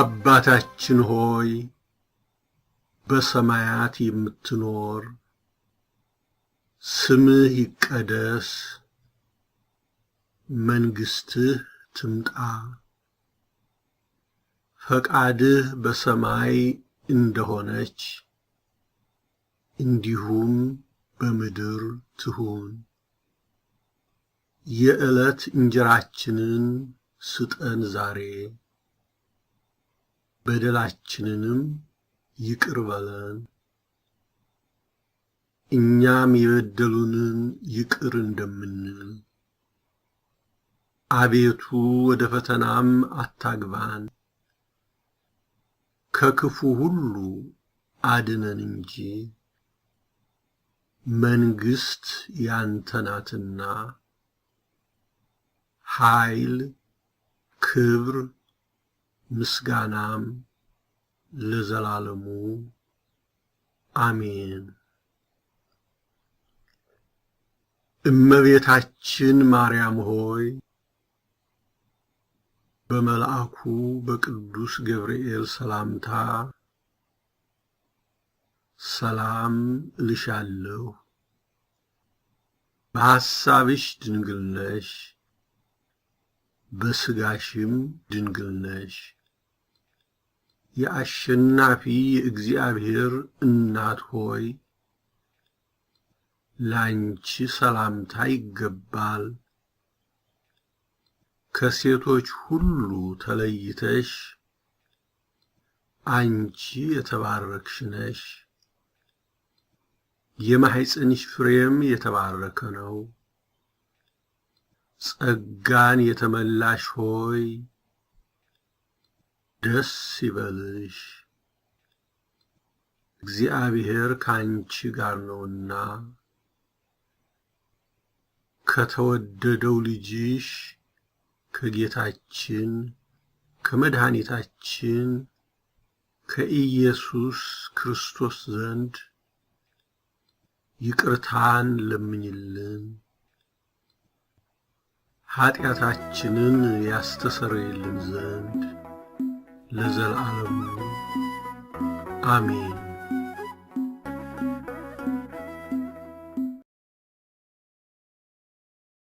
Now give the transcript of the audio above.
አባታችን ሆይ በሰማያት የምትኖር ስምህ ይቀደስ፣ መንግሥትህ ትምጣ፣ ፈቃድህ በሰማይ እንደሆነች እንዲሁም በምድር ትሁን። የዕለት እንጀራችንን ስጠን ዛሬ፣ በደላችንንም ይቅር በለን እኛም የበደሉንን ይቅር እንደምንል። አቤቱ ወደ ፈተናም አታግባን፣ ከክፉ ሁሉ አድነን እንጂ መንግስት ያንተናትና ኃይል፣ ክብር፣ ምስጋናም ለዘላለሙ አሜን። እመቤታችን ማርያም ሆይ በመልአኩ በቅዱስ ገብርኤል ሰላምታ ሰላም እልሻለሁ። በሐሳብሽ ድንግል ነሽ፣ በሥጋሽም ድንግል ነሽ። የአሸናፊ የእግዚአብሔር እናት ሆይ ላንቺ ሰላምታ ይገባል። ከሴቶች ሁሉ ተለይተሽ አንቺ የተባረክሽ ነሽ። የማኅፀንሽ ፍሬም የተባረከ ነው። ጸጋን የተመላሽ ሆይ ደስ ይበልሽ፣ እግዚአብሔር ከአንቺ ጋር ነውና ከተወደደው ልጅሽ ከጌታችን ከመድኃኒታችን ከኢየሱስ ክርስቶስ ዘንድ ይቅርታን ለምኝልን ኃጢአታችንን ያስተሰርይልን ዘንድ ለዘላለሙ አሜን።